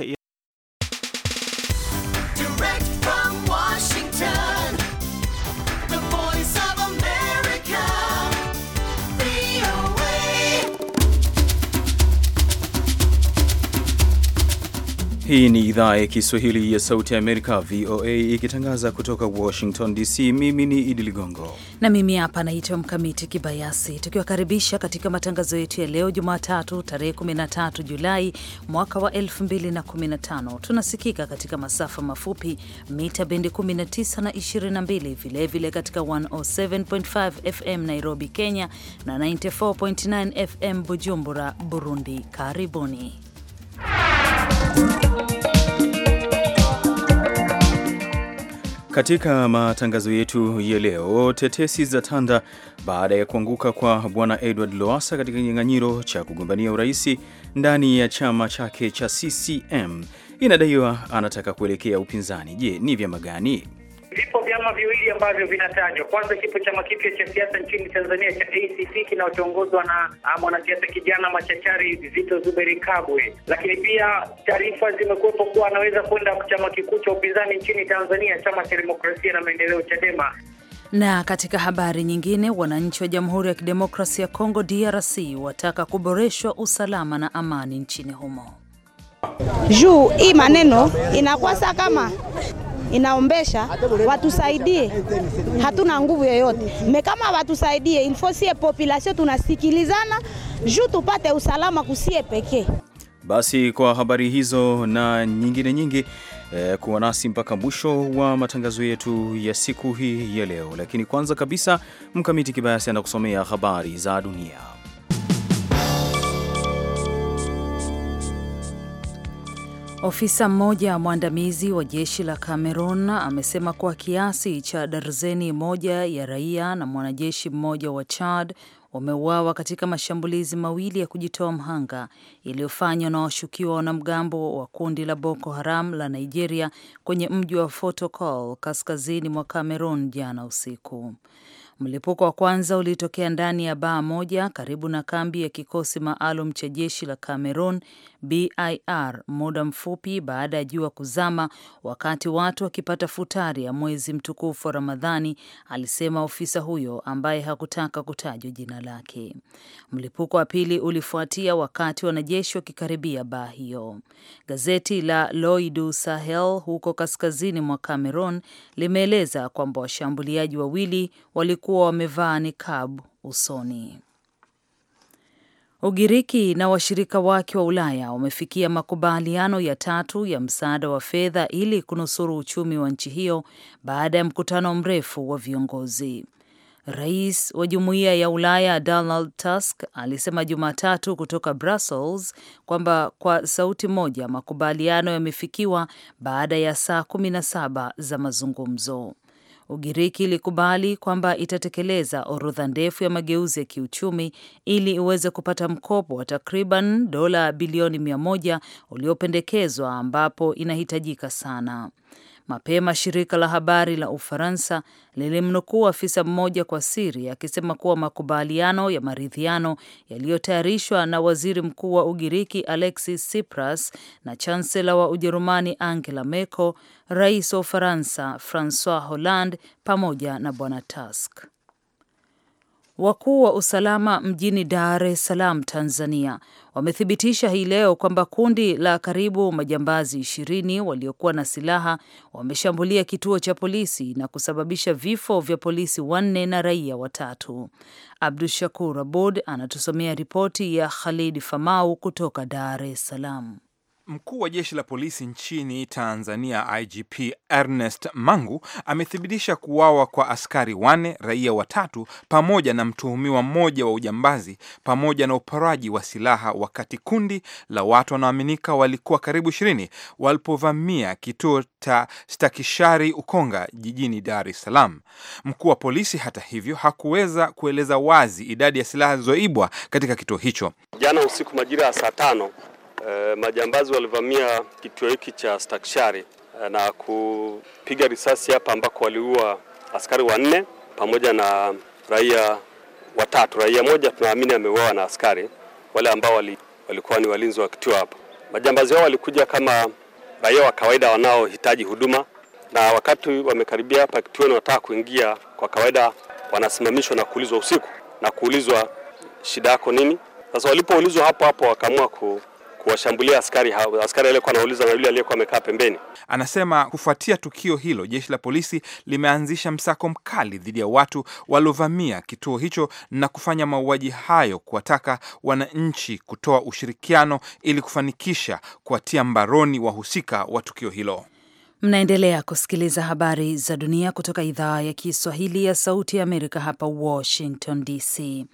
at you. Hii ni idhaa ya Kiswahili ya Sauti ya Amerika, VOA, ikitangaza kutoka Washington DC. Mimi ni Idi Ligongo na mimi hapa naitwa Mkamiti Kibayasi, tukiwakaribisha katika matangazo yetu ya leo Jumatatu tarehe 13 Julai mwaka wa 2015. Tunasikika katika masafa mafupi mita bendi 19 na 22, vilevile vile katika 107.5 FM Nairobi, Kenya na 94.9 FM Bujumbura, Burundi. Karibuni. Katika matangazo yetu ya leo, tetesi za tanda baada ya kuanguka kwa bwana Edward Lowassa katika kinyang'anyiro cha kugombania uraisi ndani ya chama chake cha CCM. Inadaiwa anataka kuelekea upinzani. Je, ni vyama gani? Vipo vyama viwili ambavyo vinatajwa. Kwanza, kipo chama kipya cha siasa nchini Tanzania cha ACC kinachoongozwa na ah, mwanasiasa kijana machachari Zito Zuberi Kabwe, lakini pia taarifa zimekuwepo kuwa anaweza kwenda chama kikuu cha upinzani nchini Tanzania, chama cha demokrasia na maendeleo, CHADEMA. Na katika habari nyingine, wananchi wa Jamhuri ya Kidemokrasia ya Kongo DRC wataka kuboreshwa usalama na amani nchini humo. Juu hii maneno inakwasa kama inaombesha watusaidie, hatuna nguvu yoyote me kama watusaidie ilfo sie population tunasikilizana juu tupate usalama kusie pekee. Basi kwa habari hizo na nyingine nyingi eh, kuwa nasi mpaka mwisho wa matangazo yetu ya siku hii ya leo, lakini kwanza kabisa Mkamiti Kibayasi anakusomea habari za dunia. Ofisa mmoja mwandamizi wa jeshi la Cameroon amesema kuwa kiasi cha darzeni moja ya raia na mwanajeshi mmoja wa Chad wameuawa katika mashambulizi mawili ya kujitoa mhanga yaliyofanywa na washukiwa wanamgambo wa kundi la Boko Haram la Nigeria kwenye mji wa Fotokol kaskazini mwa Cameroon jana usiku. Mlipuko wa kwanza ulitokea ndani ya baa moja karibu na kambi ya kikosi maalum cha jeshi la Cameroon BIR muda mfupi baada ya jua kuzama, wakati watu wakipata futari ya mwezi mtukufu wa Ramadhani, alisema ofisa huyo ambaye hakutaka kutajwa jina lake. Mlipuko wa pili ulifuatia wakati wanajeshi wakikaribia baa hiyo. Gazeti la Loidu Sahel huko kaskazini mwa Cameroon limeeleza kwamba washambuliaji wawili walikuwa wamevaa nikabu usoni. Ugiriki na washirika wake wa Ulaya wamefikia makubaliano ya tatu ya msaada wa fedha ili kunusuru uchumi wa nchi hiyo baada ya mkutano mrefu wa viongozi. Rais wa Jumuiya ya Ulaya Donald Tusk alisema Jumatatu kutoka Brussels kwamba kwa sauti moja makubaliano yamefikiwa baada ya saa saba za mazungumzo. Ugiriki ilikubali kwamba itatekeleza orodha ndefu ya mageuzi ya kiuchumi ili iweze kupata mkopo wa takriban dola bilioni mia moja uliopendekezwa ambapo inahitajika sana. Mapema shirika la habari la Ufaransa lilimnukuu afisa mmoja kwa siri akisema kuwa makubaliano ya maridhiano yaliyotayarishwa na waziri mkuu wa Ugiriki Alexis Tsipras na chansela wa Ujerumani Angela Merkel, rais wa Ufaransa Francois Hollande pamoja na bwana Tusk. Wakuu wa usalama mjini Dar es Salaam, Tanzania, wamethibitisha hii leo kwamba kundi la karibu majambazi ishirini waliokuwa na silaha wameshambulia kituo cha polisi na kusababisha vifo vya polisi wanne na raia watatu. Abdu Shakur Abud anatusomea ripoti ya Khalid Famau kutoka Dar es Salaam. Mkuu wa jeshi la polisi nchini Tanzania, IGP Ernest Mangu, amethibitisha kuuawa kwa askari wane, raia watatu, pamoja na mtuhumiwa mmoja wa ujambazi pamoja na uporaji wa silaha, wakati kundi la watu wanaoaminika walikuwa karibu ishirini walipovamia kituo cha Stakishari Ukonga jijini Dar es Salaam. Mkuu wa polisi, hata hivyo, hakuweza kueleza wazi idadi ya silaha zilizoibwa katika kituo hicho. Jana usiku majira ya saa tano Eh, majambazi walivamia kituo hiki cha Stakshari eh, na kupiga risasi hapa ambako waliua askari wanne pamoja na raia watatu. Raia moja tunaamini ameuawa na askari wale ambao wali, walikuwa ni walinzi wa kituo hapa. Majambazi hao walikuja kama raia wa kawaida wanaohitaji huduma, na wakati wamekaribia hapa kituoni wanataka kuingia, kwa kawaida wanasimamishwa na kuulizwa usiku na kuulizwa shida yako nini. Sasa walipoulizwa hapo hapo wakaamua ku kuwashambulia askari hao, askari aliyekuwa anauliza na yule aliyekuwa amekaa pembeni. Anasema kufuatia tukio hilo, jeshi la polisi limeanzisha msako mkali dhidi ya watu waliovamia kituo hicho na kufanya mauaji hayo, kuwataka wananchi kutoa ushirikiano ili kufanikisha kuwatia mbaroni wahusika wa tukio hilo. Mnaendelea kusikiliza habari za dunia kutoka idhaa ya Kiswahili ya Sauti ya Amerika, hapa Washington DC.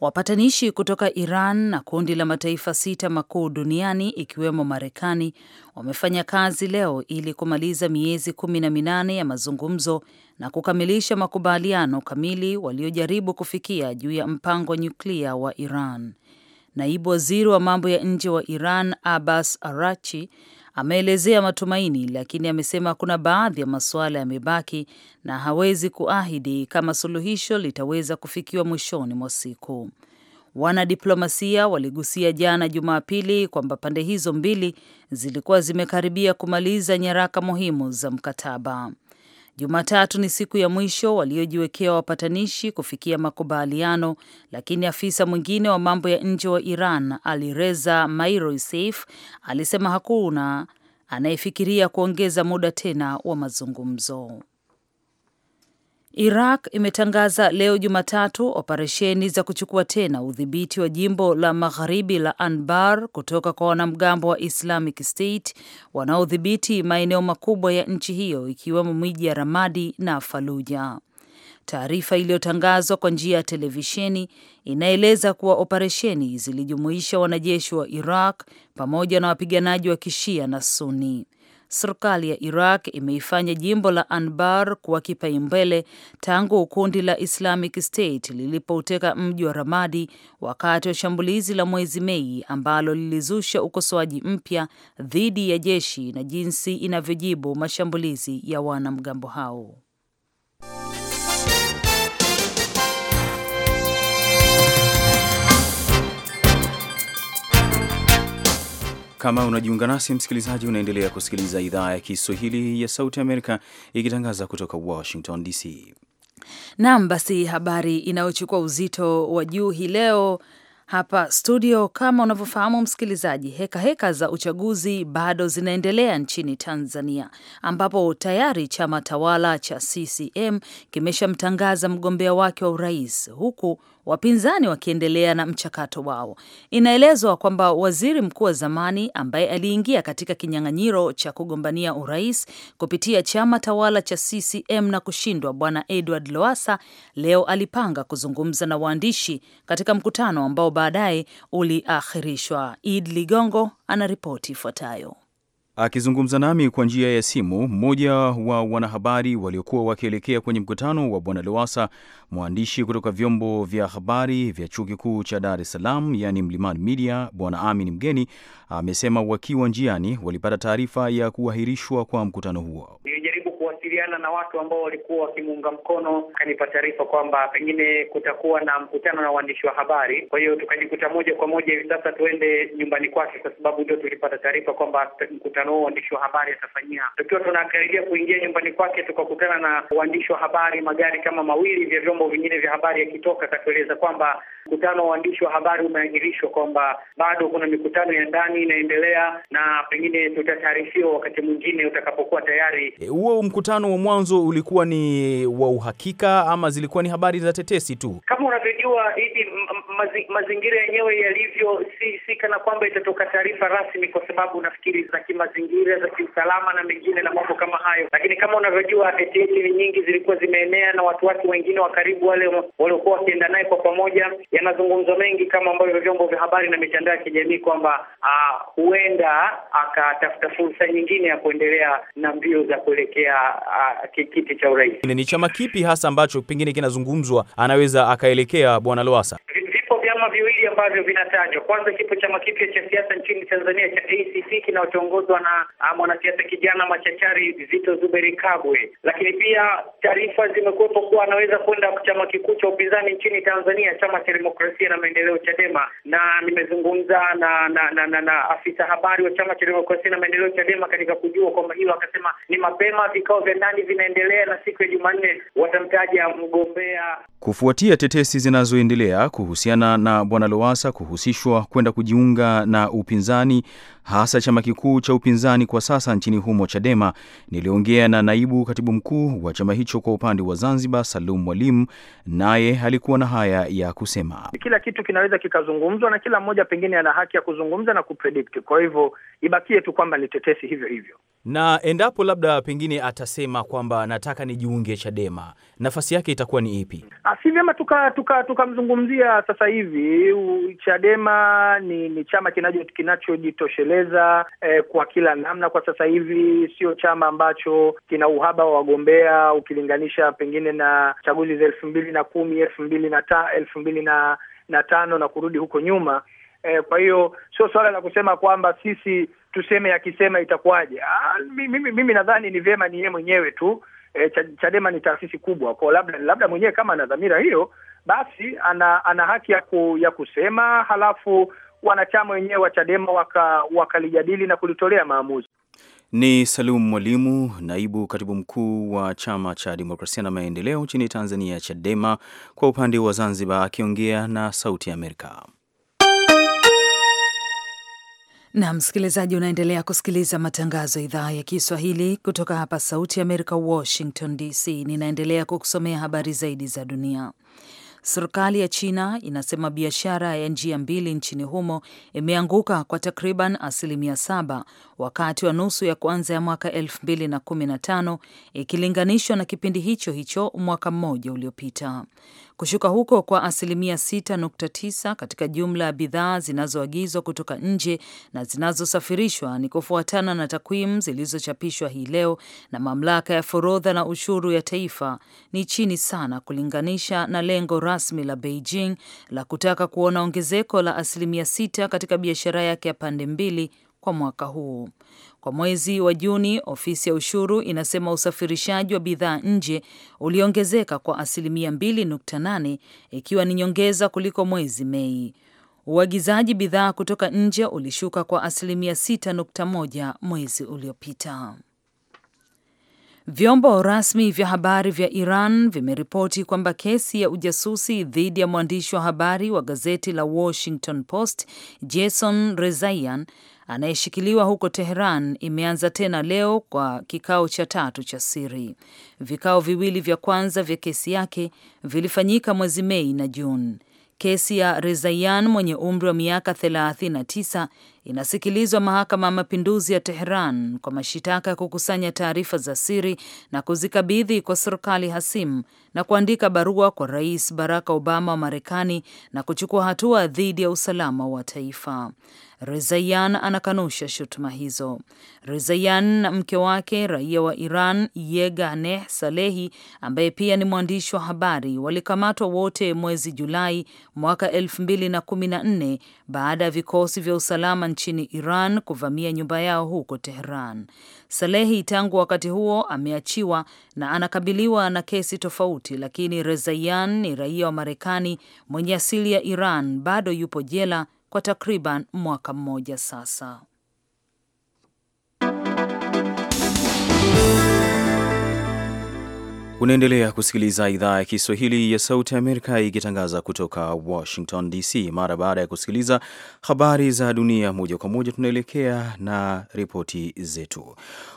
Wapatanishi kutoka Iran na kundi la mataifa sita makuu duniani ikiwemo Marekani wamefanya kazi leo ili kumaliza miezi kumi na minane ya mazungumzo na kukamilisha makubaliano kamili waliojaribu kufikia juu ya mpango wa nyuklia wa Iran. Naibu waziri wa mambo ya nje wa Iran Abbas Arachi Ameelezea matumaini, lakini amesema kuna baadhi ya masuala yamebaki na hawezi kuahidi kama suluhisho litaweza kufikiwa mwishoni mwa siku. Wanadiplomasia waligusia jana Jumapili kwamba pande hizo mbili zilikuwa zimekaribia kumaliza nyaraka muhimu za mkataba. Jumatatu ni siku ya mwisho waliojiwekea wapatanishi kufikia makubaliano, lakini afisa mwingine wa mambo ya nje wa Iran Alireza Mairoisif alisema hakuna anayefikiria kuongeza muda tena wa mazungumzo. Iraq imetangaza leo Jumatatu operesheni za kuchukua tena udhibiti wa jimbo la magharibi la Anbar kutoka kwa wanamgambo wa Islamic State wanaodhibiti maeneo makubwa ya nchi hiyo ikiwemo miji ya Ramadi na Faluja. Taarifa iliyotangazwa kwa njia ya televisheni inaeleza kuwa operesheni zilijumuisha wanajeshi wa Iraq pamoja na wapiganaji wa Kishia na Suni serikali ya Iraq imeifanya jimbo la Anbar kuwa kipaumbele tangu kundi la Islamic State lilipouteka mji wa Ramadi wakati wa shambulizi la mwezi Mei ambalo lilizusha ukosoaji mpya dhidi ya jeshi na jinsi inavyojibu mashambulizi ya wanamgambo hao. Kama unajiunga nasi msikilizaji, unaendelea kusikiliza idhaa ya Kiswahili ya Sauti Amerika ikitangaza kutoka Washington DC. Naam, basi habari inayochukua uzito wa juu hii leo hapa studio, kama unavyofahamu msikilizaji, hekaheka heka za uchaguzi bado zinaendelea nchini Tanzania, ambapo tayari chama tawala cha CCM kimeshamtangaza mgombea wake wa urais, huku wapinzani wakiendelea na mchakato wao. Inaelezwa kwamba waziri mkuu wa zamani ambaye aliingia katika kinyang'anyiro cha kugombania urais kupitia chama tawala cha CCM na kushindwa, Bwana Edward loasa leo alipanga kuzungumza na waandishi katika mkutano ambao baadaye uliakhirishwa. Id Ligongo anaripoti ifuatayo. Akizungumza nami kwa njia ya simu, mmoja wa wanahabari waliokuwa wakielekea kwenye mkutano wa bwana Lowassa, mwandishi kutoka vyombo vya habari vya chuo kikuu cha Dar es Salaam, yaani Mlimani Media, bwana Amin Mgeni, amesema wakiwa njiani walipata taarifa ya kuahirishwa kwa mkutano huo kuwasiliana na watu ambao walikuwa wakimuunga mkono, akanipa taarifa kwamba pengine kutakuwa na mkutano na waandishi wa habari. Kwa hiyo tukajikuta moja kwa moja hivi sasa tuende nyumbani kwake, kwa sababu ndio tulipata taarifa kwamba mkutano huo waandishi wa habari atafanyia. Tukiwa tunakaribia kuingia nyumbani kwake, tukakutana na waandishi wa habari, magari kama mawili vya vyombo vingine vya habari yakitoka, akatueleza kwamba mkutano wa waandishi wa habari umeahirishwa, kwamba bado kuna mikutano ya ndani inaendelea na pengine tutataarifiwa wakati mwingine utakapokuwa tayari eh, huo mkutano wa mwanzo ulikuwa ni wa uhakika ama zilikuwa ni habari za tetesi tu? Kama unavyojua hivi mazingira yenyewe yalivyo, si, si kana kwamba itatoka taarifa rasmi, kwa sababu nafikiri za kimazingira, za kiusalama na mengine na mambo kama hayo, lakini kama unavyojua tetesi nyingi zilikuwa zimeenea na watu wake wengine wa karibu, wale waliokuwa wakienda naye kwa pamoja, yanazungumzwa mengi kama ambavyo vyombo vya habari na mitandao ya kijamii kwamba ah, huenda akatafuta fursa nyingine ya kuendelea na mbio za kuelekea kiti cha urais. Ni chama kipi hasa ambacho pengine kinazungumzwa anaweza akaelekea bwana Lowassa? vyama viwili ambavyo vinatajwa. Kwanza, kipo chama kipya cha siasa nchini Tanzania cha ACT kinachoongozwa na ah, mwanasiasa kijana machachari Zito Zuberi Kabwe, lakini pia taarifa zimekuwepo kuwa anaweza kwenda chama kikuu cha upinzani nchini Tanzania, chama cha demokrasia na maendeleo CHADEMA, na nimezungumza na na, na, na, na afisa habari wa chama cha demokrasia na maendeleo CHADEMA katika kujua kwamba hilo, akasema ni mapema, vikao vya ndani vinaendelea na siku ya Jumanne watamtaja mgombea, kufuatia tetesi zinazoendelea kuhusiana na Bwana lowasa kuhusishwa kwenda kujiunga na upinzani hasa chama kikuu cha upinzani kwa sasa nchini humo Chadema. Niliongea na naibu katibu mkuu wa chama hicho kwa upande wa Zanzibar, Salum Mwalimu, naye alikuwa na haya ya kusema. Kila kitu kinaweza kikazungumzwa na kila mmoja pengine ana haki ya kuzungumza na kupredict, kwa hivyo ibakie tu kwamba ni tetesi hivyo hivyo, na endapo labda pengine atasema kwamba nataka nijiunge Chadema, nafasi yake itakuwa ni ipi? Ah, si vyema tukamzungumzia tuka, tuka sasa hivi. Chadema ni, ni chama kinachojitosheleza kujiendeleza eh, kwa kila namna. Kwa sasa hivi sio chama ambacho kina uhaba wa wagombea ukilinganisha pengine na chaguzi za elfu mbili na kumi elfu mbili na ta, elfu mbili na, na tano na kurudi huko nyuma. Eh, kwa hiyo sio suala la kusema kwamba sisi tuseme akisema itakuwaje. Ah, mimi, mimi nadhani ni vyema ni yeye mwenyewe tu eh, Chadema ni taasisi kubwa kwa labda labda mwenyewe kama ana dhamira hiyo basi ana ana haki ya, ku, ya kusema halafu wanachama wenyewe wa Chadema wakalijadili waka na kulitolea maamuzi. Ni Salum Mwalimu, naibu katibu mkuu wa chama cha demokrasia na maendeleo nchini Tanzania, Chadema, kwa upande wa Zanzibar, akiongea na Sauti ya Amerika. Na msikilizaji, unaendelea kusikiliza matangazo ya idhaa ya Kiswahili kutoka hapa Sauti ya Amerika, Washington DC. Ninaendelea kukusomea habari zaidi za dunia. Serikali ya China inasema biashara ya njia mbili nchini humo imeanguka kwa takriban asilimia saba wakati wa nusu ya kwanza ya mwaka tano ikilinganishwa na kipindi hicho hicho mwaka mmoja uliopita kushuka huko kwa asilimia 6.9 katika jumla ya bidhaa zinazoagizwa kutoka nje na zinazosafirishwa ni kufuatana na takwimu zilizochapishwa hii leo na mamlaka ya forodha na ushuru ya taifa. Ni chini sana kulinganisha na lengo rasmi la Beijing la kutaka kuona ongezeko la asilimia 6 katika biashara yake ya pande mbili kwa mwaka huu. Kwa mwezi wa Juni, ofisi ya ushuru inasema usafirishaji wa bidhaa nje uliongezeka kwa asilimia 2.8 ikiwa ni nyongeza kuliko mwezi Mei. Uagizaji bidhaa kutoka nje ulishuka kwa asilimia 6.1 mwezi uliopita. Vyombo rasmi vya habari vya Iran vimeripoti kwamba kesi ya ujasusi dhidi ya mwandishi wa habari wa gazeti la Washington Post Jason Rezaian anayeshikiliwa huko Teheran imeanza tena leo kwa kikao cha tatu cha siri. Vikao viwili vya kwanza vya kesi yake vilifanyika mwezi Mei na Juni. Kesi ya Rezaian mwenye umri wa miaka 39 inasikilizwa mahakama ya mapinduzi ya Teheran kwa mashitaka ya kukusanya taarifa za siri na kuzikabidhi kwa serikali hasimu na kuandika barua kwa Rais Barack Obama wa Marekani na kuchukua hatua dhidi ya usalama wa taifa. Rezayan anakanusha shutuma hizo. rezayan na mke wake raia wa Iran Yeganeh Salehi, ambaye pia ni mwandishi wa habari, walikamatwa wote mwezi Julai mwaka elfu mbili na kumi na nne baada ya vikosi vya usalama nchini Iran kuvamia nyumba yao huko Tehran. Salehi tangu wakati huo ameachiwa na anakabiliwa na kesi tofauti, lakini rezayan ni raia wa Marekani mwenye asili ya Iran, bado yupo jela kwa takriban mwaka mmoja sasa. Unaendelea kusikiliza idhaa ya Kiswahili ya Sauti Amerika ikitangaza kutoka Washington DC. Mara baada ya kusikiliza habari za dunia moja kwa moja, tunaelekea na ripoti zetu.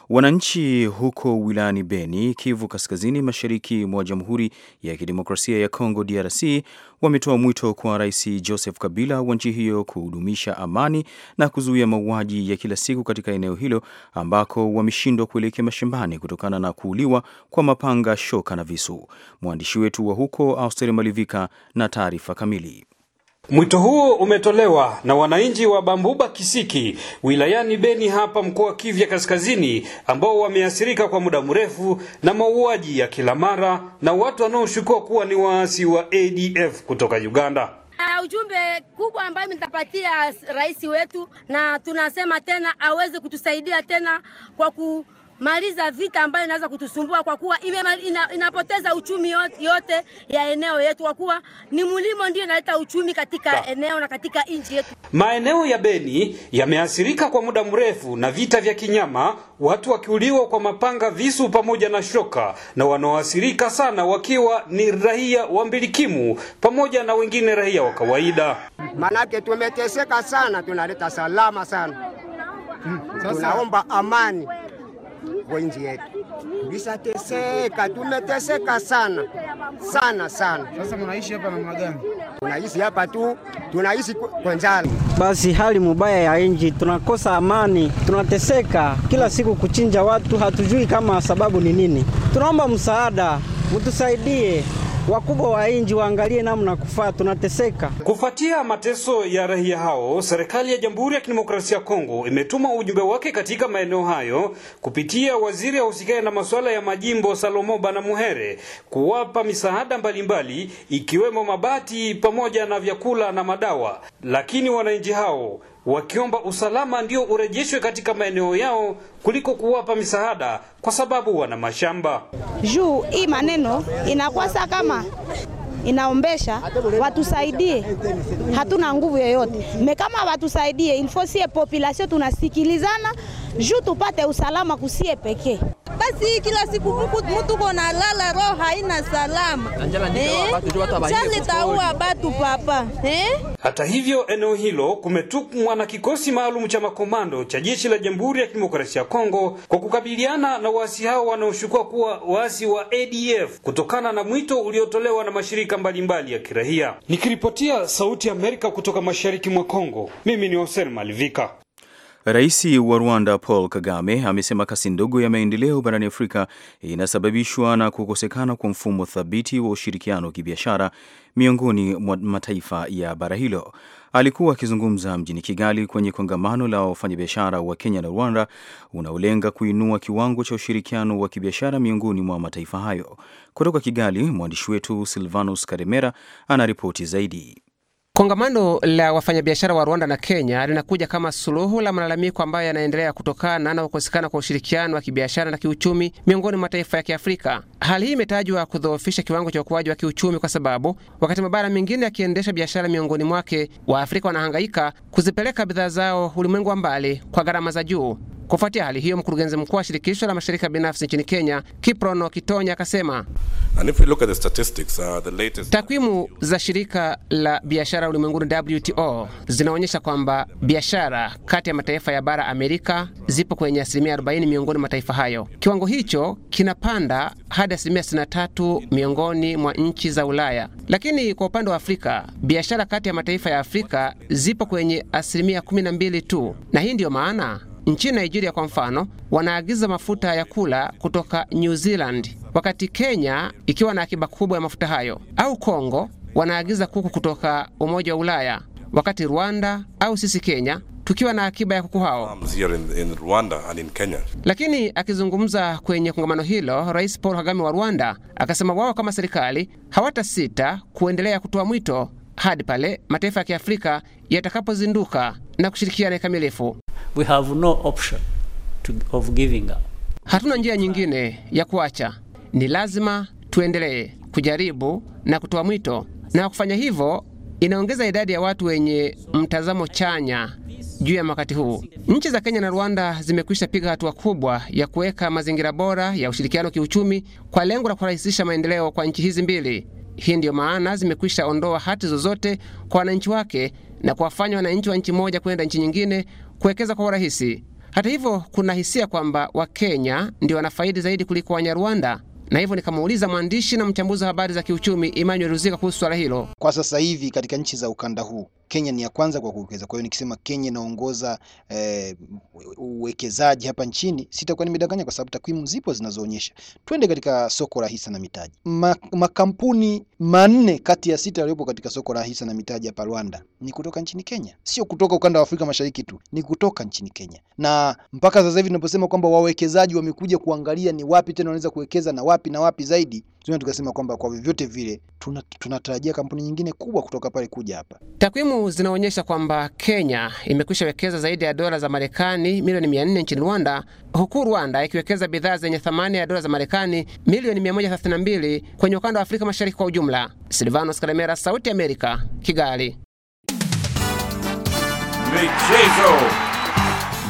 Wananchi huko wilayani Beni, Kivu Kaskazini, mashariki mwa Jamhuri ya Kidemokrasia ya Kongo, DRC, wametoa mwito kwa Rais Joseph Kabila wa nchi hiyo kuhudumisha amani na kuzuia mauaji ya kila siku katika eneo hilo ambako wameshindwa kuelekea mashambani kutokana na kuuliwa kwa mapanga kuchoka na visu. Mwandishi wetu wa huko Austeri Malivika na taarifa kamili. Mwito huo umetolewa na wananchi wa Bambuba Kisiki wilayani Beni hapa mkoa wa Kivu Kaskazini ambao wameathirika kwa muda mrefu na mauaji ya kila mara na watu wanaoshukiwa kuwa ni waasi wa ADF kutoka Uganda. Uh, ujumbe kubwa ambayo nitapatia rais wetu, na tunasema tena aweze kutusaidia tena kwa ku maliza vita ambayo inaweza kutusumbua kwa kuwa ime, ina, inapoteza uchumi yote ya eneo yetu, kwa kuwa ni mlimo ndio inaleta uchumi katika Ta. eneo na katika nchi yetu. Maeneo ya Beni yameathirika kwa muda mrefu na vita vya kinyama, watu wakiuliwa kwa mapanga, visu pamoja na shoka, na wanaoathirika sana wakiwa ni raia wa mbilikimu pamoja na wengine raia wa kawaida. Manake tumeteseka sana, tunaleta salama sana, hmm. tunaomba amani kwa nchi yetu. Tulishateseka, tumeteseka sana sana sana. Sasa mnaishi hapa namna gani? Tunaishi hapa tu, tunaishi kwa njala. Basi hali mubaya ya nchi, tunakosa amani, tunateseka kila siku, kuchinja watu, hatujui kama sababu ni nini. Tunaomba msaada, mtusaidie wakubwa wa inji waangalie namna kufaa, tunateseka. Kufuatia mateso ya raia hao, serikali ya Jamhuri ya Kidemokrasia ya Kongo imetuma ujumbe wake katika maeneo hayo kupitia waziri ahusikaye na masuala ya majimbo Salomo bana muhere kuwapa misaada mbalimbali ikiwemo mabati pamoja na vyakula na madawa, lakini wananchi hao wakiomba usalama ndio urejeshwe katika maeneo yao kuliko kuwapa misaada kwa sababu wana mashamba. Juu hii maneno inakwasa kama inaombesha watusaidie, hatuna nguvu yoyote me, kama watusaidie infosie population, tunasikilizana juu tupate usalama kusie pekee. Basi kila siku mtu kona lala roho haina salama eh? chale taua batu papa eh? Hata hivyo eneo hilo kumetumwa na kikosi maalum cha makomando cha jeshi la Jamhuri ya Kidemokrasia ya Kongo kwa kukabiliana na waasi hao wanaoshukua kuwa waasi wa ADF kutokana na mwito uliotolewa na mashirika mbalimbali mbali ya kiraia. Nikiripotia Sauti ya Amerika kutoka mashariki mwa Kongo, mimi ni Hossein Malivika. Rais wa Rwanda Paul Kagame amesema kasi ndogo ya maendeleo barani Afrika inasababishwa na kukosekana kwa mfumo thabiti wa ushirikiano wa kibiashara miongoni mwa mataifa ya bara hilo. Alikuwa akizungumza mjini Kigali kwenye kongamano la wafanyabiashara wa Kenya na Rwanda unaolenga kuinua kiwango cha ushirikiano wa kibiashara miongoni mwa mataifa hayo. Kutoka Kigali, mwandishi wetu Silvanus Karemera anaripoti zaidi. Kongamano la wafanyabiashara wa Rwanda na Kenya linakuja kama suluhu la malalamiko ambayo yanaendelea kutokana na kukosekana kwa ushirikiano wa kibiashara na kiuchumi miongoni mwa mataifa ya Kiafrika. Hali hii imetajwa kudhoofisha kiwango cha ukuaji wa kiuchumi, kwa sababu wakati mabara mengine yakiendesha biashara miongoni mwake, Waafrika wanahangaika kuzipeleka bidhaa zao ulimwengu wa mbali kwa gharama za juu. Kufuatia hali hiyo, mkurugenzi mkuu wa shirikisho la mashirika binafsi nchini Kenya, Kiprono Kitonya, akasema uh, takwimu za shirika la biashara ulimwenguni WTO zinaonyesha kwamba biashara kati ya mataifa ya bara Amerika zipo kwenye asilimia 40 miongoni mwa mataifa hayo. Kiwango hicho kinapanda hadi asilimia 63 miongoni mwa nchi za Ulaya, lakini kwa upande wa Afrika biashara kati ya mataifa ya Afrika zipo kwenye asilimia 12 tu, na hii ndiyo maana Nchini Nigeria kwa mfano, wanaagiza mafuta ya kula kutoka New Zealand, wakati Kenya ikiwa na akiba kubwa ya mafuta hayo, au Kongo wanaagiza kuku kutoka Umoja wa Ulaya, wakati Rwanda au sisi Kenya tukiwa na akiba ya kuku hao. Lakini akizungumza kwenye kongamano hilo, Rais Paul Kagame wa Rwanda akasema wao kama serikali hawatasita kuendelea kutoa mwito hadi pale mataifa ya Kiafrika yatakapozinduka na kushirikiana kikamilifu we have no option to, of giving up. Hatuna njia nyingine ya kuacha, ni lazima tuendelee kujaribu na kutoa mwito, na kufanya hivyo inaongeza idadi ya watu wenye mtazamo chanya juu ya wakati huu. Nchi za Kenya na Rwanda zimekwisha piga hatua kubwa ya kuweka mazingira bora ya ushirikiano kiuchumi kwa lengo la kurahisisha maendeleo kwa nchi hizi mbili. Hii ndiyo maana zimekwisha ondoa hati zozote kwa wananchi wake na kuwafanya wananchi wa nchi moja kwenda nchi nyingine kuwekeza kwa urahisi. Hata hivyo, kuna hisia kwamba Wakenya ndio wanafaidi zaidi kuliko Wanyarwanda, na hivyo nikamuuliza mwandishi na mchambuzi wa habari za kiuchumi Emmanuel Ruzika kuhusu swala hilo. Kwa sasa hivi katika nchi za ukanda huu Kenya ni ya kwanza kwa kuwekeza. Kwa hiyo nikisema Kenya inaongoza eh, uwekezaji hapa nchini sitakuwa nimedanganya, kwa sababu takwimu zipo zinazoonyesha. Twende katika soko la hisa na mitaji. Ma, makampuni manne kati ya sita yaliyopo katika soko la hisa na mitaji hapa Rwanda ni kutoka nchini Kenya, sio kutoka ukanda wa Afrika Mashariki tu, ni kutoka nchini Kenya. Na mpaka sasa hivi tunaposema kwamba wawekezaji wamekuja kuangalia ni wapi tena wanaweza kuwekeza na wapi na wapi zaidi, tunaweza tukasema kwamba kwa vyovyote vile tunatarajia kampuni nyingine kubwa kutoka pale kuja hapa. Takwimu zinaonyesha kwamba Kenya imekwisha wekeza zaidi ya dola za Marekani milioni 400 nchini Rwanda, huku Rwanda ikiwekeza bidhaa zenye thamani ya dola za Marekani milioni 132 kwenye ukanda wa Afrika Mashariki kwa ujumla. Silvanos Karemera, Sauti ya Amerika, Kigali. Michezo.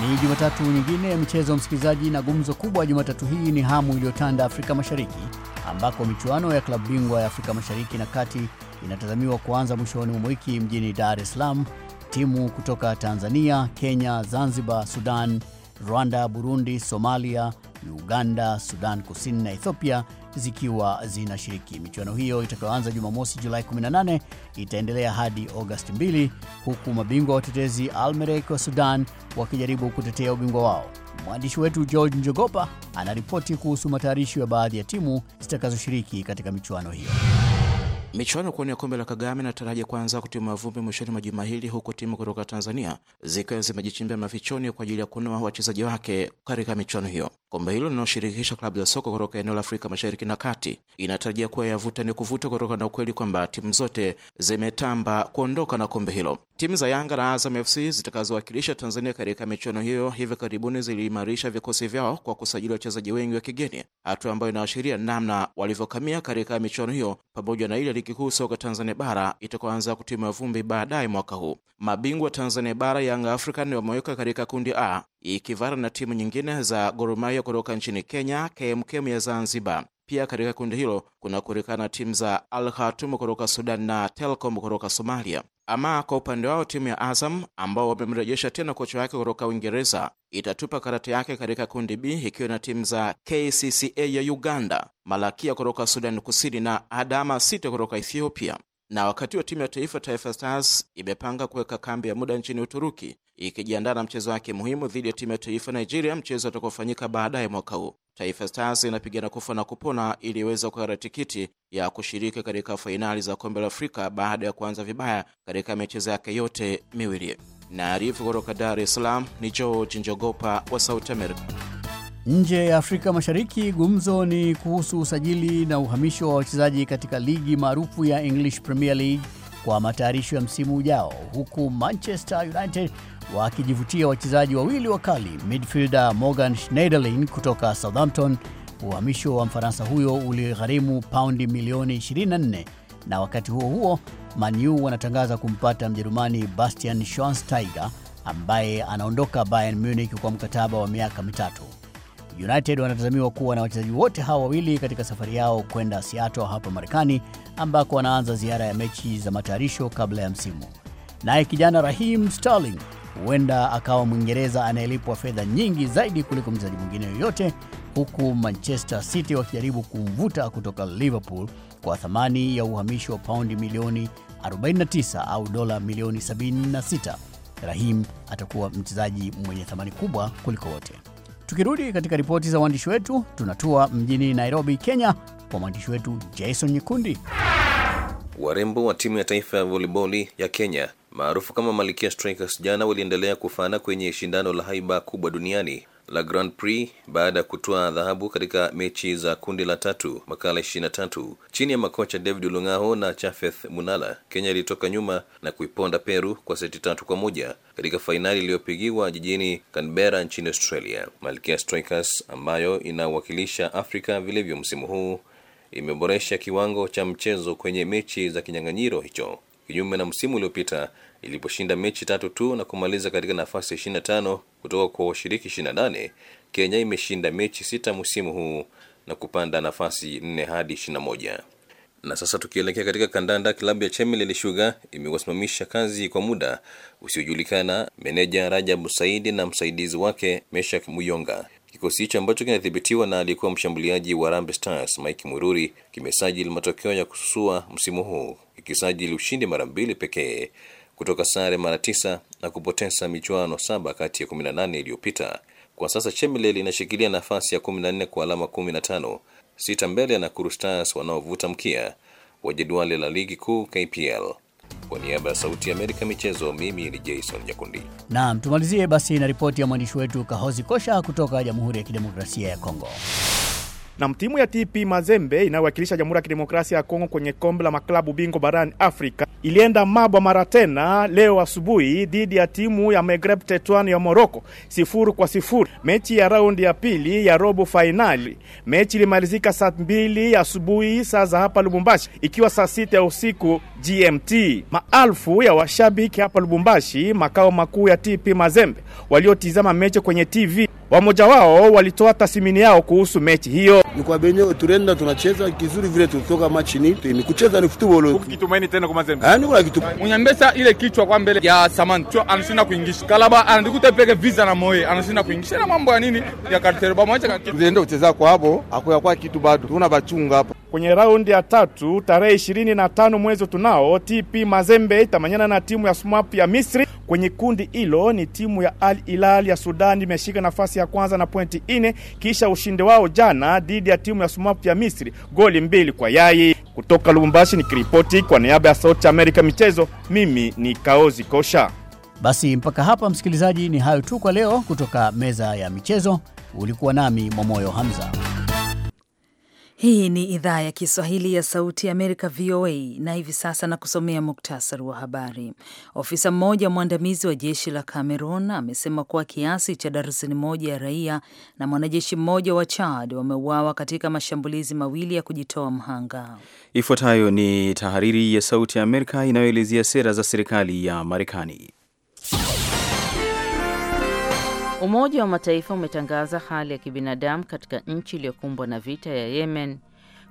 Ni Jumatatu nyingine ya michezo, msikilizaji, na gumzo kubwa Jumatatu hii ni hamu iliyotanda Afrika Mashariki, ambako michuano ya klabu bingwa ya Afrika Mashariki na Kati inatazamiwa kuanza mwishoni mwa wiki mjini Dar es Salaam. Timu kutoka Tanzania, Kenya, Zanzibar, Sudan, Rwanda, Burundi, Somalia, Uganda, Sudan Kusini na Ethiopia zikiwa zinashiriki. Michuano hiyo itakayoanza Jumamosi Julai 18 itaendelea hadi Agosti 2 huku mabingwa watetezi almerek wa Sudan wakijaribu kutetea ubingwa wao. Mwandishi wetu George Njogopa anaripoti kuhusu matayarisho ya baadhi ya timu zitakazoshiriki katika michuano hiyo. Michuano kuwania ya kombe la Kagame inataraji kuanza kutima mavumbi mwishoni mwa juma hili, huku timu kutoka Tanzania zikiwa zimejichimbia mafichoni kwa ajili ya kunoa wachezaji wake katika michuano hiyo. Kombe hilo linaloshirikisha klabu za soka kutoka eneo la Afrika Mashariki na Kati inatarajia kuwa yavuta ni kuvuta kutokana na ukweli kwamba timu zote zimetamba kuondoka na kombe hilo. Timu za Yanga na Azam FC zitakazowakilisha Tanzania katika michuano hiyo hivi karibuni ziliimarisha vikosi vyao kwa kusajili wachezaji wengi wa kigeni, hatua ambayo inaashiria namna walivyokamia katika michuano hiyo pamoja na ile ligi kuu soka Tanzania bara itakuanza kutima vumbi baadaye mwaka huu. Mabingwa Tanzania bara Young African wameweka katika kundi A ikivara na timu nyingine za Gor Mahia kutoka nchini Kenya, KMKM ya Zanzibar, pia katika kundi hilo kuna kurikana timu za Al Khartoum kutoka Sudan na telcom kutoka Somalia. Ama kwa upande wao timu ya Azam ambao wamemrejesha tena kocha wake kutoka Uingereza itatupa karata yake katika kundi B ikiwa na timu za KCCA ya Uganda, Malakia kutoka Sudan Kusini na Adama sit kutoka Ethiopia. Na wakati wa timu ya taifa Taifa Stars imepanga kuweka kambi ya muda nchini Uturuki ikijiandaa na mchezo wake muhimu dhidi ya timu ya taifa Nigeria, mchezo utakaofanyika baadaye mwaka huu. Taifa Stars inapigana kufa na kupona ili iweze kukata tikiti ya kushiriki katika fainali za kombe la Afrika baada ya kuanza vibaya katika michezo yake yote miwili. Naarifu kutoka Dar es Salaam ni George Njogopa wa South America. Nje ya Afrika Mashariki, gumzo ni kuhusu usajili na uhamisho wa wachezaji katika ligi maarufu ya English Premier League kwa matayarisho ya msimu ujao, huku Manchester United wakijivutia wachezaji wawili wakali, midfielder Morgan Schneiderlin kutoka Southampton. Uhamisho wa Mfaransa huyo uligharimu paundi milioni 24, na wakati huo huo Manu wanatangaza kumpata Mjerumani Bastian Schweinsteiger ambaye anaondoka Bayern Munich kwa mkataba wa miaka mitatu. United wanatazamiwa kuwa na wachezaji wote hawa wawili katika safari yao kwenda Seattle hapa Marekani, ambako wanaanza ziara ya mechi za matayarisho kabla ya msimu. Naye kijana rahim Sterling huenda akawa Mwingereza anayelipwa fedha nyingi zaidi kuliko mchezaji mwingine yoyote, huku Manchester City wakijaribu kumvuta kutoka Liverpool kwa thamani ya uhamishi wa paundi milioni 49 au dola milioni 76. Rahim atakuwa mchezaji mwenye thamani kubwa kuliko wote. Tukirudi katika ripoti za waandishi wetu, tunatua mjini Nairobi, Kenya, kwa mwandishi wetu Jason Nyekundi. Warembo wa timu ya taifa ya voleboli ya Kenya maarufu kama Malkia Strikers jana waliendelea kufana kwenye shindano la haiba kubwa duniani la Grand Prix baada ya kutoa dhahabu katika mechi za kundi la tatu makala 23 chini ya makocha David Lungaho na Chafeth Munala. Kenya ilitoka nyuma na kuiponda Peru kwa seti tatu kwa moja katika fainali iliyopigiwa jijini Canberra nchini Australia. Malkia Strikers ambayo inawakilisha Afrika vilivyo msimu huu imeboresha kiwango cha mchezo kwenye mechi za kinyang'anyiro hicho kinyume na msimu uliopita iliposhinda mechi tatu tu na kumaliza katika nafasi ya 25 kutoka kwa washiriki 28. Kenya imeshinda mechi sita msimu huu na kupanda nafasi 4 hadi 21. Na sasa tukielekea katika kandanda, klabu ya Chemelil imewasimamisha kazi kwa muda usiojulikana meneja Rajabu Saidi na msaidizi wake Meshak Muyonga. Kikosi hicho ambacho kinadhibitiwa na aliyekuwa mshambuliaji wa Harambee Stars Mike Mururi kimesajili matokeo ya kususua msimu huu, ikisajili ushindi mara mbili pekee kutoka sare mara tisa na kupoteza michuano saba kati ya 18 iliyopita. Kwa sasa Chemelil inashikilia nafasi ya 14 kwa alama 15, sita mbele ya Nakuru Stars wanaovuta mkia wa jedwali la ligi kuu KPL. Kwa niaba ya Sauti ya Amerika michezo, mimi ni Jason Nyakundi. Naam, tumalizie basi na ripoti ya mwandishi wetu Kahozi Kosha kutoka Jamhuri ya Kidemokrasia ya Kongo na timu ya TP Mazembe inayowakilisha Jamhuri ya Kidemokrasia ya Kongo kwenye kombe la maklabu bingwa barani Afrika ilienda mabwa mara tena leo asubuhi dhidi ya timu ya Maghreb Tetuan ya moroko sifuru kwa sifuri, mechi ya raundi ya pili ya robo fainali. Mechi ilimalizika saa mbili asubuhi saa za hapa Lubumbashi, ikiwa saa sita ya usiku GMT. Maalfu ya washabiki hapa Lubumbashi, makao makuu ya TP Mazembe, waliotizama mechi kwenye TV Wamoja wao walitoa tathmini yao kuhusu mechi hiyo. Ni kwa benye turenda tunacheza kizuri vile tulitoka machi ni ni kucheza ni football. Kitumaini tena kwa mazembe. Ah, ni kuna kitu. unyambesa ile kichwa kwa mbele ya Samantha cho anashinda kuingisha. Kalaba anadikuta peke visa na moyo anashinda kuingisha na mambo ya nini ya kartero ba moja ndio kucheza kwa hapo akoya kwa kitu bado. Tuna bachunga hapa. Kwenye raundi ya tatu tarehe 25 mwezi tunao TP Mazembe itamanyana na timu ya Smap ya Misri. Kwenye kundi hilo ni timu ya Al Hilal ya Sudan imeshika nafasi ya kwanza na pointi ine kisha ushindi wao jana dhidi ya timu ya Sumap ya Misri goli mbili kwa yai. Kutoka Lubumbashi nikiripoti kwa niaba ya Sauti Amerika michezo, mimi ni Kaozi Kosha. Basi mpaka hapa, msikilizaji, ni hayo tu kwa leo kutoka meza ya michezo. Ulikuwa nami Momoyo Hamza. Hii ni idhaa ya Kiswahili ya Sauti ya Amerika, VOA, na hivi sasa na kusomea muktasari wa habari. Ofisa mmoja mwandamizi wa jeshi la Cameroon amesema kuwa kiasi cha darzeni moja ya raia na mwanajeshi mmoja wa Chad wameuawa katika mashambulizi mawili ya kujitoa mhanga. Ifuatayo ni tahariri ya Sauti ya Amerika inayoelezea sera za serikali ya Marekani. Umoja wa Mataifa umetangaza hali ya kibinadamu katika nchi iliyokumbwa na vita ya Yemen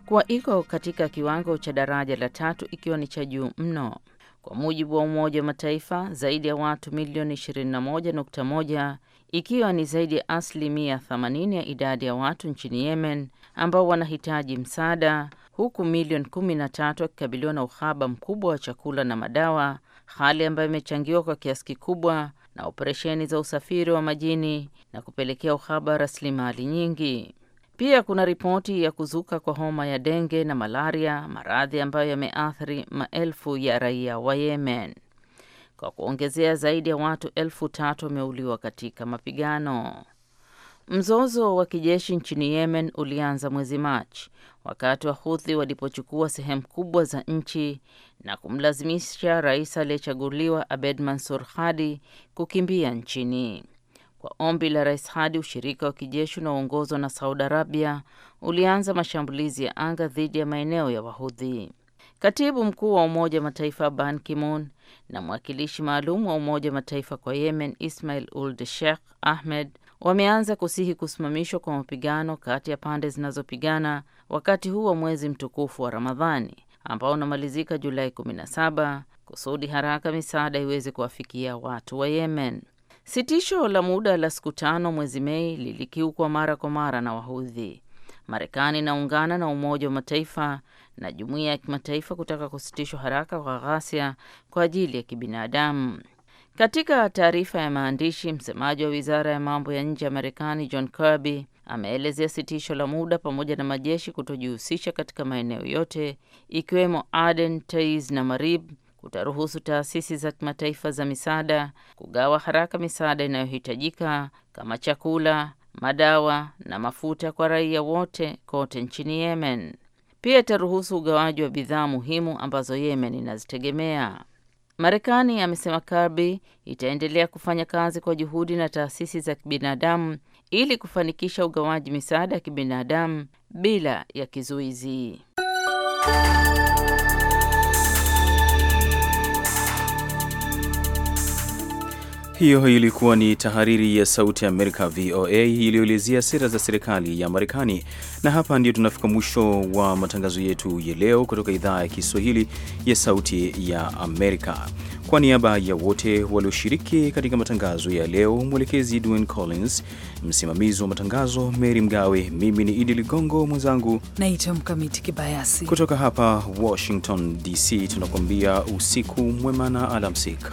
kuwa iko katika kiwango cha daraja la tatu ikiwa ni cha juu mno. Kwa mujibu wa Umoja wa Mataifa, zaidi ya watu milioni 21.1 ikiwa ni zaidi ya asilimia 80 ya idadi ya watu nchini Yemen ambao wanahitaji msaada, huku milioni 13 wakikabiliwa na uhaba mkubwa wa chakula na madawa, hali ambayo imechangiwa kwa kiasi kikubwa na operesheni za usafiri wa majini na kupelekea uhaba rasilimali nyingi. Pia kuna ripoti ya kuzuka kwa homa ya denge na malaria, maradhi ambayo yameathiri maelfu ya raia wa Yemen. Kwa kuongezea, zaidi ya watu elfu tatu wameuliwa katika mapigano. Mzozo wa kijeshi nchini Yemen ulianza mwezi Machi wakati wa Huthi walipochukua sehemu kubwa za nchi na kumlazimisha rais aliyechaguliwa Abed Mansur Hadi kukimbia nchini. Kwa ombi la Rais Hadi, ushirika wa kijeshi unaoongozwa na Saudi Arabia ulianza mashambulizi ya anga dhidi ya maeneo ya Wahudhi. Katibu mkuu wa Umoja wa Mataifa Ban Ki-moon na mwakilishi maalum wa Umoja wa Mataifa kwa Yemen Ismail Uld Sheikh Ahmed wameanza kusihi kusimamishwa kwa mapigano kati ya pande zinazopigana wakati huu wa mwezi mtukufu wa Ramadhani ambao unamalizika Julai 17 kusudi haraka misaada iweze kuwafikia watu wa Yemen. Sitisho la muda la siku tano mwezi Mei lilikiukwa mara kwa mara na Wahudhi. Marekani inaungana na Umoja wa Mataifa na jumuiya ya kimataifa kutaka kusitishwa haraka kwa ghasia kwa ajili ya kibinadamu. Katika taarifa ya maandishi, msemaji wa wizara ya mambo ya nje ya Marekani John Kirby ameelezea sitisho la muda pamoja na majeshi kutojihusisha katika maeneo yote ikiwemo Aden, Taiz na Marib kutaruhusu taasisi za kimataifa za misaada kugawa haraka misaada inayohitajika kama chakula, madawa na mafuta kwa raia wote kote nchini Yemen. Pia itaruhusu ugawaji wa bidhaa muhimu ambazo Yemen inazitegemea. Marekani, amesema Kirby, itaendelea kufanya kazi kwa juhudi na taasisi za kibinadamu ili kufanikisha ugawaji misaada ya kibinadamu bila ya kizuizi. Hiyo ilikuwa ni tahariri ya Sauti ya Amerika, VOA, iliyoelezea sera za serikali ya Marekani. Na hapa ndio tunafika mwisho wa matangazo yetu ya leo kutoka idhaa ya Kiswahili ya Sauti ya Amerika. Kwa niaba ya wote walioshiriki katika matangazo ya leo, mwelekezi Dwayne Collins, msimamizi wa matangazo Mary Mgawe, mimi ni Idi Ligongo, mwenzangu naitwa Mkamiti Kibayasi, kutoka hapa Washington DC, tunakuambia usiku mwema na alamsika.